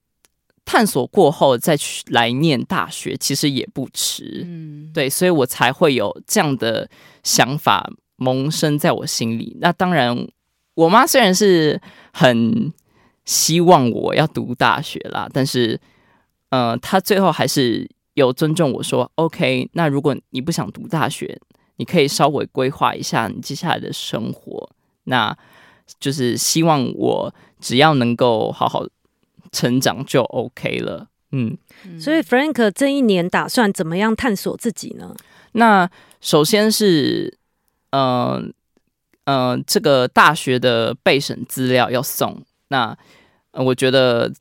探索過後再去來念大學，其實也不遲。嗯，對，所以我才會有這樣的想法萌生在我心裡。那當然，我媽雖然是很希望我要讀大學啦，但是，呃，她最後還是有尊重我說：“OK，那如果你不想讀大學，你可以稍微規劃一下你接下來的生活。”那就是希望我只要能夠好好。成長就 OK 了，嗯，所以 Frank 這一年打算怎麼樣探索自己呢？那首先是，嗯、呃、嗯、呃，這個大學的備審資料要送，那、呃、我覺得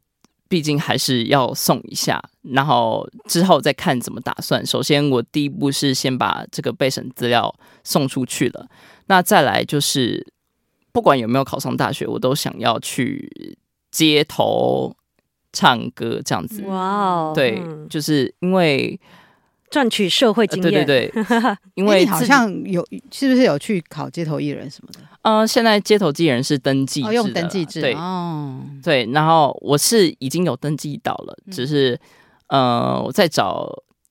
畢竟還是要送一下，然後之後再看怎麼打算。首先，我第一步是先把這個備審資料送出去了，那再來就是，不管有沒有考上大學，我都想要去街頭。唱歌這樣子，哇哦，對，就是因為賺取社會經驗，對對對，因為好像有是不是有去考街頭藝人什麼的？嗯，現在街頭藝人是登記，用登記制。對哦，對。然後我是已經有登記到了，只是呃，我在找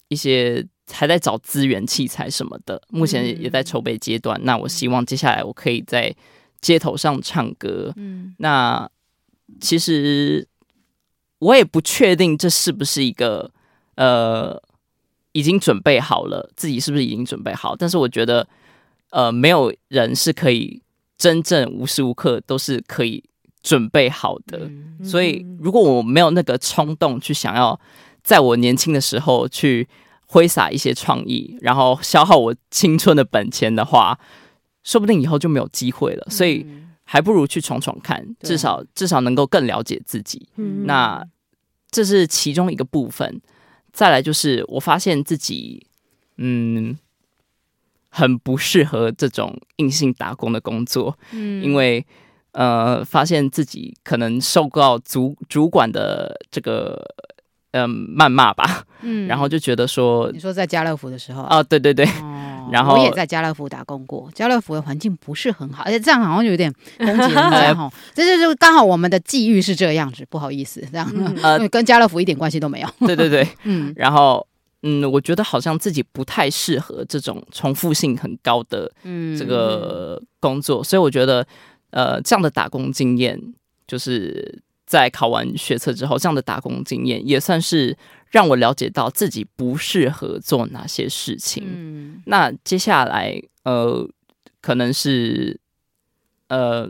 一些還在找資源、器材什麼的，目前也在籌備階段。那我希望接下來我可以在街頭上唱歌，嗯，那其實。我也不確定這是不是一個呃已經準備好了，自己是不是已經準備好，但是我覺得呃沒有人是可以真正無時無刻都是可以準備好的，嗯，所以如果我沒有那個衝動去想要在我年輕的時候去揮灑一些創意，然後消耗我青春的本錢的話，說不定以後就沒有機會了，所以。嗯還不如去闖闖看，至少對至少能夠更了解自己。嗯、那這是其中一個部分。再來就是，我發現自己嗯很不適合這種硬性打工的工作，嗯、因為呃發現自己可能受夠主主管的這個嗯謾罵吧，嗯、然後就覺得說，你說在家樂福的時候啊，哦、對對對。哦然後我也在家樂福打工過，家樂福的環境不是很好，而、欸、且這樣好像有點攻擊人哈，這就是剛好我們的際遇是這個樣子，不好意思這樣，嗯、呃，跟家樂福一點關係都沒有。對對對，嗯，然後嗯，我覺得好像自己不太適合這種重複性很高的嗯這個工作，嗯、所以我覺得呃這樣的打工經驗，就是在考完學測之後這樣的打工經驗也算是。讓我了解到自己不適合做哪些事情。嗯，那接下來，呃，可能是，呃，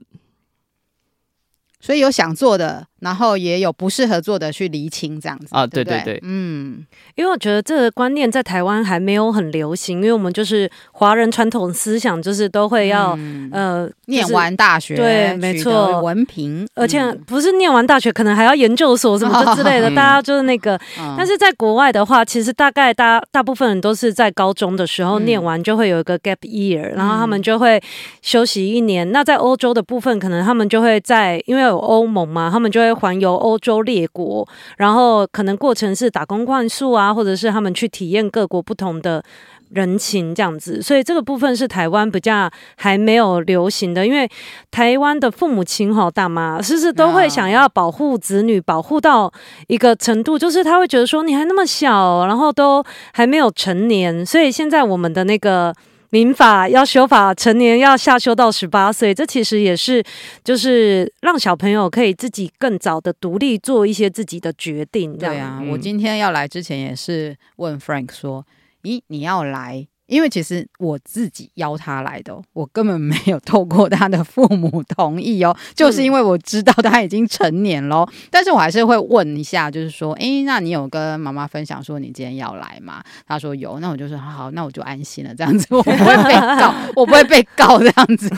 所以有想做的。然後也有不適合做的去釐清這樣子啊，對對對，嗯，因為我覺得這個觀念在台灣還沒有很流行，因為我們就是華人傳統思想，就是都會要呃念完大學，對，沒錯，文憑，而且不是念完大學，可能還要研究所什麼之類的，大家就是那個，但是在國外的話，其實大概大大部分人都是在高中的時候念完就會有一個 gap year，然後他們就會休息一年。那在歐洲的部分，可能他們就會在因為有歐盟嘛，他們就會。環遊歐洲列國，然後可能過程是打工換宿啊，或者是他們去體驗各國不同的人情這樣子。所以這個部分是台灣比較還沒有流行的，因為台灣的父母親吼、哦、大媽，是是都會想要保護子女，Yeah. 保護到一個程度，就是他會覺得說你還那麼小，然後都還沒有成年，所以現在我們的那個。民法要修法，成年要下修到十八歲，這其實也是，就是讓小朋友可以自己更早的獨立做一些自己的決定。對啊，我今天要來之前也是問 Frank 說：“咦，你要來？”因為其實我自己邀他來的，我根本沒有透過他的父母同意哦，就是因為我知道他已經成年嘍。嗯、但是我還是會問一下，就是說，哎，那你有跟媽媽分享說你今天要來嗎？他說有，那我就說好，那我就安心了。這樣子，我不會被告， 我不會被告。這樣子，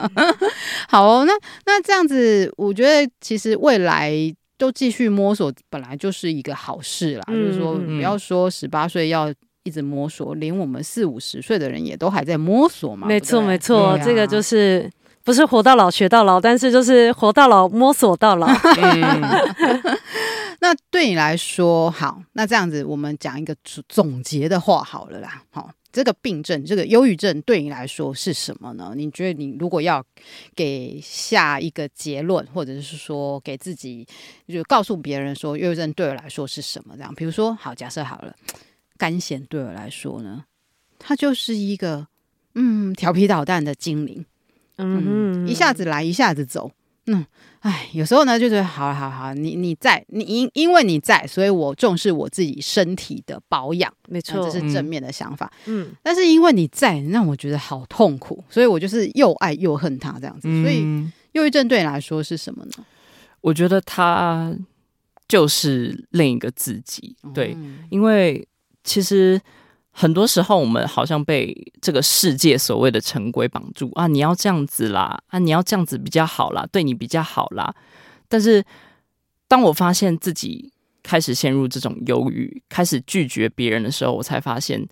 好、哦，那那這樣子，我覺得其實未來都繼續摸索，本來就是一個好事啦。嗯、就是說，嗯、不要說十八歲要。一直摸索，連我們四五十歲的人也都還在摸索嘛。沒錯，沒錯，這個就是不是活到老學到老，但是就是活到老摸索到老。那對你來說，好，那這樣子我們講一個總結的話好了啦。好，這個病症，這個憂鬱症對你來說是什麼呢？你覺得你如果要給下一個結論，或者是說，給自己就是、告訴別人說憂鬱症對我來說是什麼？這樣，比如說，好，假設好了。肝蘚對我來說呢，它就是一個嗯調皮搗蛋的精靈，嗯，嗯，一下子來一下子走，嗯，哎，有時候呢就覺得，好，好，好，你你在你因因為你在，所以我重視我自己身體的保養，沒錯，嗯，這是正面的想法，嗯，但是因為你在，讓我覺得好痛苦，所以我就是又愛又恨他這樣子，嗯，所以憂鬱症對你來說是什麼呢？我覺得他就是另一個自己，對，嗯，因為。其實很多時候，我們好像被這個世界所謂的成規綁住，啊，你要這樣子啦，啊，你要這樣子比較好啦，對你比較好啦。但是，當我發現自己開始陷入這種憂鬱，開始拒絕別人的時候，我才發現，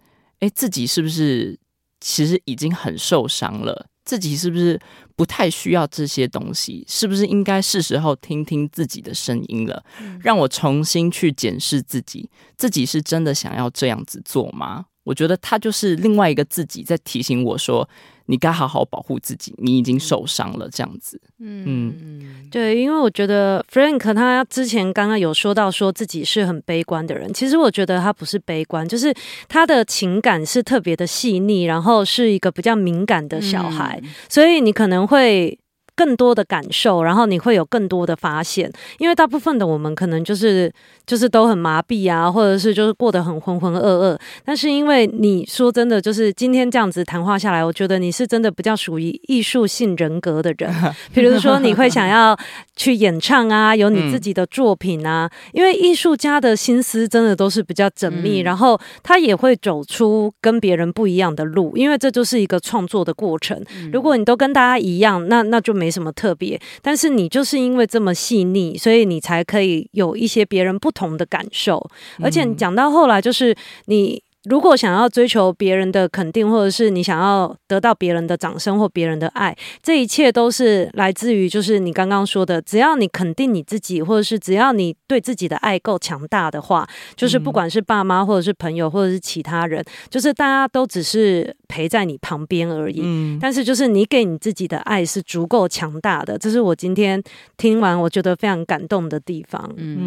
哎、欸，自己是不是其實已經很受傷了？自己是不是不太需要這些東西？是不是應該是時候聽聽自己的聲音了？讓我重新去檢視自己，自己是真的想要這樣子做嗎？我覺得他就是另外一個自己在提醒我說，你該好好保護自己，你已經受傷了，這樣子。嗯，嗯，對，因為我覺得 Frank 他之前剛剛有說到說自己是很悲觀的人，其實我覺得他不是悲觀，就是他的情感是特別的細膩，然後是一個比較敏感的小孩，嗯，所以你可能會更多的感受，然後你會有更多的發現，因為大部分的我們可能就是就是都很麻痹啊，或者是就是過得很渾渾噩噩。但是因為你說真的，就是今天這樣子談話下來，我覺得你是真的比較屬於藝術性人格的人，比 如說你會想要去演唱啊，有你自己的作品啊。嗯、因為藝術家的心思真的都是比較縝密，嗯、然後他也會走出跟別人不一樣的路，因為這就是一個創作的過程。嗯、如果你都跟大家一樣，那那就沒。沒什麼特別，但是你就是因為這麼細膩，所以你才可以有一些別人不同的感受。嗯、而且你講到後來，就是你。如果想要追求別人的肯定，或者是你想要得到別人的掌聲或別人的愛，這一切都是來自於，就是你剛剛說的，只要你肯定你自己，或者是只要你對自己的愛夠強大的話，就是不管是爸媽，或者是朋友，或者是其他人，嗯、就是大家都只是陪在你旁邊而已。嗯、但是就是你給你自己的愛是足夠強大的，這是我今天聽完我覺得非常感動的地方。嗯。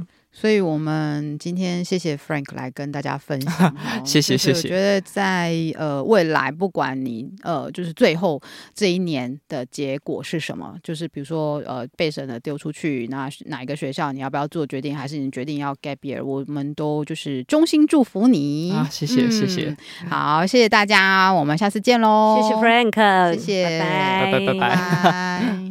嗯。所以我們今天謝謝 Frank 來跟大家分享，謝謝謝謝。我覺得在呃未來，不管你呃就是最後這一年的結果是什麼，就是比如說呃被神的丟出去，那哪一個學校你要不要做決定，還是你決定要 gap year，我們都就是衷心祝福你。好，謝謝謝謝，好謝謝大家，我們下次見嘍！謝謝 Frank，謝謝，拜拜拜拜。